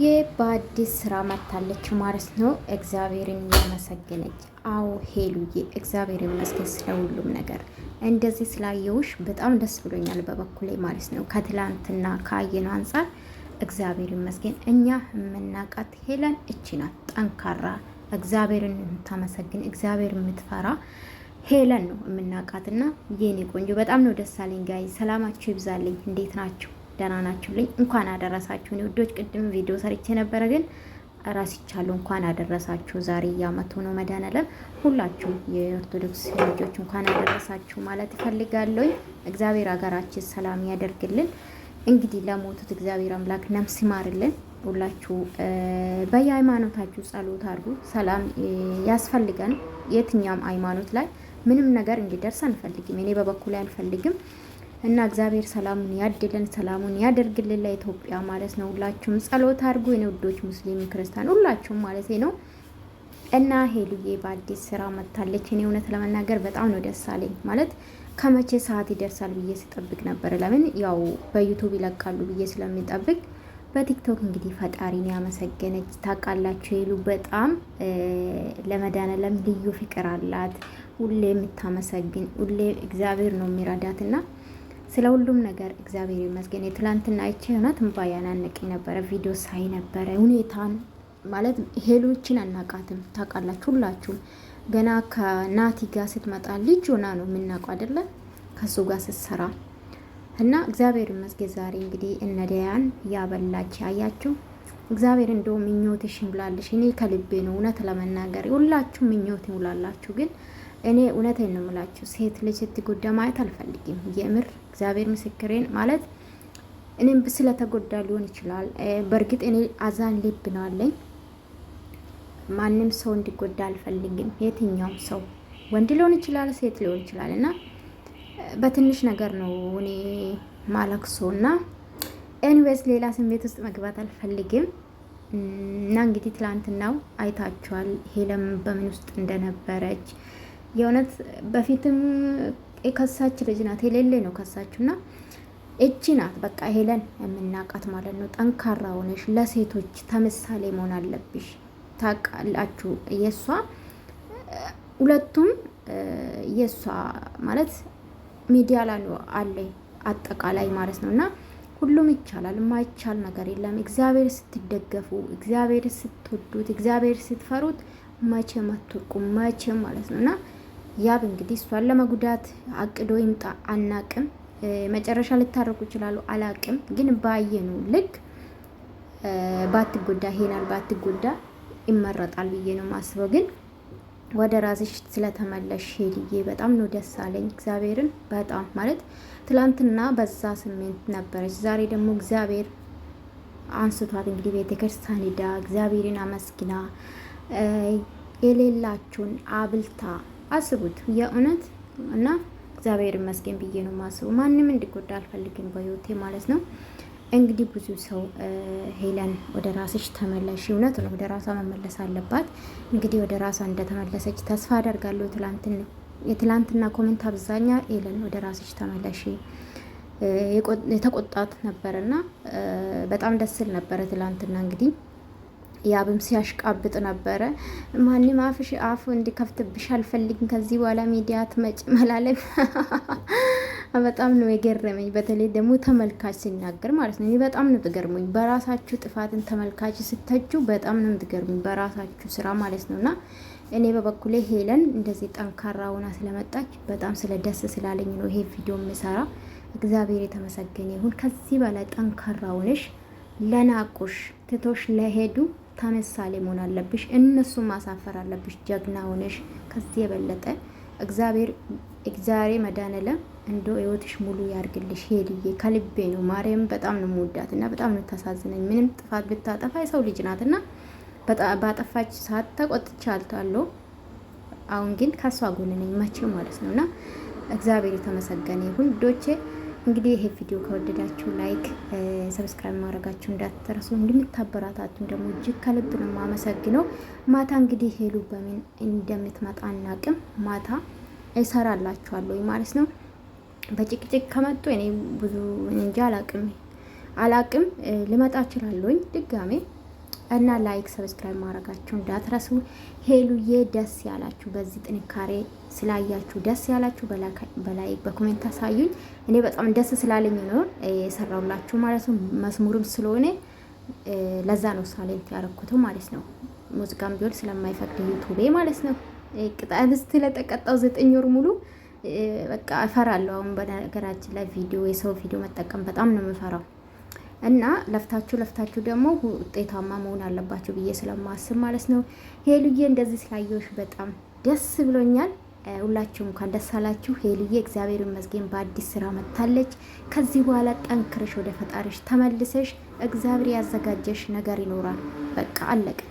ዬ በአዲስ ስራ መታለች ማለት ነው። እግዚአብሔርን እያመሰገነች አዎ ሄሉዬ፣ እግዚአብሔር ይመስገን ስለ ሁሉም ነገር። እንደዚህ ስላየውሽ በጣም ደስ ብሎኛል በበኩሌ ማለት ነው። ከትላንትና ከአየነው አንጻር እግዚአብሔር ይመስገን። እኛ የምናውቃት ሄለን እቺ ናት፣ ጠንካራ እግዚአብሔርን የምታመሰግን እግዚአብሔር የምትፈራ ሄለን ነው የምናውቃትና፣ የኔ ቆንጆ በጣም ነው ደስ አለኝ። ጋይ ሰላማችሁ ይብዛልኝ። እንዴት ናቸው? ደህና ናችሁልኝ? እንኳን አደረሳችሁ። እኔ ውዶች ቅድም ቪዲዮ ሰርቼ ነበረ ግን ራስቻለሁ። እንኳን አደረሳችሁ። ዛሬ እያመቱ ነው መድኃኔዓለም። ሁላችሁ የኦርቶዶክስ ልጆች እንኳን አደረሳችሁ ማለት እፈልጋለሁ። እግዚአብሔር ሀገራችን ሰላም ያደርግልን። እንግዲህ ለሞቱት እግዚአብሔር አምላክ ነፍስ ይማርልን። ሁላችሁ በየሃይማኖታችሁ ጸሎት አድርጉ። ሰላም ያስፈልገን። የትኛውም ሃይማኖት ላይ ምንም ነገር እንዲደርስ አንፈልግም። እኔ በበኩሌ አልፈልግም። እና እግዚአብሔር ሰላሙን ያድለን፣ ሰላሙን ያደርግልን ለኢትዮጵያ ማለት ነው። ሁላችሁም ጸሎት አድርጉ የኔ ውዶች፣ ሙስሊም ክርስቲያን፣ ሁላችሁም ማለት ነው። እና ሄሉዬ በአዲስ ስራ መታለች እኔ እውነት ለመናገር በጣም ነው ደስ አለኝ። ማለት ከመቼ ሰዓት ይደርሳል ብዬ ስጠብቅ ነበር። ለምን ያው በዩቱብ ይለቃሉ ብዬ ስለሚጠብቅ በቲክቶክ እንግዲህ ፈጣሪን ያመሰገነች ታውቃላችሁ። ሄሉ በጣም ለመድኃኔዓለም ልዩ ፍቅር አላት። ሁሌ የምታመሰግን ሁሌ እግዚአብሔር ነው የሚረዳት እና ስለ ሁሉም ነገር እግዚአብሔር ይመስገን። የትላንትና አይቼ ሆና እንባ ያናነቀኝ ነበረ ቪዲዮ ሳይ ነበረ ሁኔታን ማለት ሄሎችን አናቃትም ታውቃላችሁ፣ ሁላችሁም ገና ከናቲ ጋር ስትመጣ ልጅ ሆና ነው የምናውቀው አይደለ? ከሱ ጋር ስትሰራ እና እግዚአብሔር ይመስገን። ዛሬ እንግዲህ እነዳያን ዲያን ያበላች አያችሁ። እግዚአብሔር እንደው ምኞትሽን ብላለሽ። እኔ ከልቤ ነው እውነት ለመናገር ሁላችሁ ምኞት ይውላላችሁ ግን እኔ እውነት ነው የምላችሁ፣ ሴት ልጅ ስትጎዳ ማየት አልፈልግም። የምር እግዚአብሔር ምስክሬን ማለት እኔም ስለተጎዳ ሊሆን ይችላል። በእርግጥ እኔ አዛን ልብ ነው አለኝ። ማንም ሰው እንዲጎዳ አልፈልግም። የትኛውም ሰው ወንድ ሊሆን ይችላል፣ ሴት ሊሆን ይችላል። እና በትንሽ ነገር ነው እኔ ማለክሶ እና ኤኒዌይስ ሌላ ስሜት ውስጥ መግባት አልፈልግም። እና እንግዲህ ትላንትናው አይታችኋል ሄለም በምን ውስጥ እንደነበረች የእውነት በፊትም የከሳች ልጅ ናት፣ የሌለ ነው ከሳችሁና እቺ ናት በቃ ሄለን የምናቃት ማለት ነው። ጠንካራ ሆነሽ ለሴቶች ተምሳሌ መሆን አለብሽ። ታውቃላችሁ የእሷ ሁለቱም የእሷ ማለት ሚዲያ ላይ አለ አጠቃላይ ማለት ነው እና ሁሉም ይቻላል። ማይቻል ነገር የለም። እግዚአብሔር ስትደገፉ፣ እግዚአብሔር ስትወዱት፣ እግዚአብሔር ስትፈሩት መቼም አትወድቁም መቼም ማለት ነው እና ያብ እንግዲህ እሷን ለመጉዳት አቅዶ ይምጣ አናቅም። መጨረሻ ልታረቁ ይችላሉ አላቅም። ግን ባየኑ ልክ ባትጎዳ ሄናል ባትጎዳ ይመረጣል ብዬ ነው ማስበው። ግን ወደ ራስሽ ስለተመለሽ ሄድዬ በጣም ነው ደስ አለኝ። እግዚአብሔርን በጣም ማለት ትላንትና በዛ ስሜት ነበረች። ዛሬ ደግሞ እግዚአብሔር አንስቷት እንግዲህ ቤተክርስቲያን ሄዳ እግዚአብሔርን አመስግና የሌላችሁን አብልታ አስቡት የእውነት እና እግዚአብሔር ይመስገን ብዬ ነው ማስቡ። ማንም እንዲጎዳ አልፈልግም በህይወቴ ማለት ነው። እንግዲህ ብዙ ሰው ሄለን ወደ ራስሽ ተመለሽ፣ እውነት ነው ወደ ራሷ መመለስ አለባት። እንግዲህ ወደ ራሷ እንደተመለሰች ተስፋ አደርጋለሁ። የትላንትና ኮሜንት አብዛኛ ሄለን ወደ ራስሽ ተመለሽ የተቆጣት ነበረና በጣም ደስ ይል ነበረ ትላንትና እንግዲህ ያብም ሲያሽቃብጥ ነበረ። ማንም አፍሽ አፉ እንዲከፍትብሽ አልፈልግም፣ ከዚህ በኋላ ሚዲያ ትመጭ መላለም በጣም ነው የገረመኝ። በተለይ ደግሞ ተመልካች ሲናገር ማለት ነው። በጣም ነው ትገርሙኝ። በራሳችሁ ጥፋትን ተመልካች ስተችሁ በጣም ነው ትገርሙኝ፣ በራሳችሁ ስራ ማለት ነው እና እኔ በበኩሌ ሄለን እንደዚህ ጠንካራ ሆና ስለመጣች በጣም ስለ ደስ ስላለኝ ነው ይሄ ቪዲዮ የምሰራ። እግዚአብሔር የተመሰገነ ይሁን። ከዚህ በላይ ጠንካራ ሆነሽ ለናቁሽ ትቶሽ ለሄዱ ተምሳሌ መሆን አለብሽ። እነሱን ማሳፈር አለብሽ። ጀግና ሆነሽ ከዚህ የበለጠ እግዚአብሔር እግዚአብሔር መድኃኔዓለም እንዶ ህይወትሽ ሙሉ ያርግልሽ። ሄድዬ ከልቤ ነው። ማርያም በጣም ነው የምወዳት እና በጣም ነው የምታሳዝነኝ። ምንም ጥፋት ብታጠፋ የሰው ልጅ ናት እና ባጠፋች ሰዓት ተቆጥቻለሁ። አሁን ግን ከሷ ጎን ነኝ መቼ ማለት ነው እና እግዚአብሔር የተመሰገነ ይሁን ዶቼ እንግዲህ ይሄ ቪዲዮ ከወደዳችሁ ላይክ፣ ሰብስክራይብ ማድረጋችሁ እንዳትረሱ። እንደምታበራታችሁ ደግሞ እጅግ ከልብ ነው የማመሰግነው። ማታ እንግዲህ ሄሉ በምን እንደምትመጣ አናቅም። ማታ እሰራላችኋለሁ ማለት ነው። በጭቅጭቅ ከመጡ እኔ ብዙ እንጃ አላቅም አላቅም ልመጣ እችላለሁኝ ድጋሜ እና ላይክ ሰብስክራይብ ማድረጋችሁ እንዳትረሱ። ሄሉዬ ደስ ያላችሁ በዚህ ጥንካሬ ስላያችሁ ደስ ያላችሁ በላይክ በኮሜንት አሳዩኝ። እኔ በጣም ደስ ስላለኝ ነው የሰራውላችሁ ማለት ነው። መስሙርም ስለሆነ ለዛ ነው ሳይለንት ያደረኩት ማለት ነው። ሙዚቃም ቢሆን ስለማይፈቅድ ዩቱቤ ማለት ነው። ቅጣት ስለተቀጣው ዘጠኝ ወር ሙሉ በቃ እፈራለሁ። አሁን በነገራችን ላይ ቪዲዮ የሰው ቪዲዮ መጠቀም በጣም ነው የምፈራው። እና ለፍታችሁ ለፍታችሁ ደግሞ ውጤታማ መሆን አለባችሁ ብዬ ስለማስብ ማለት ነው። ሄሉዬ እንደዚህ ስላየሁሽ በጣም ደስ ብሎኛል። ሁላችሁ እንኳን ደስ አላችሁ። ሄሉዬ እግዚአብሔር ይመስገን በአዲስ ስራ መጥታለች። ከዚህ በኋላ ጠንክረሽ ወደ ፈጣሪሽ ተመልሰሽ እግዚአብሔር ያዘጋጀሽ ነገር ይኖራል። በቃ አለቀ።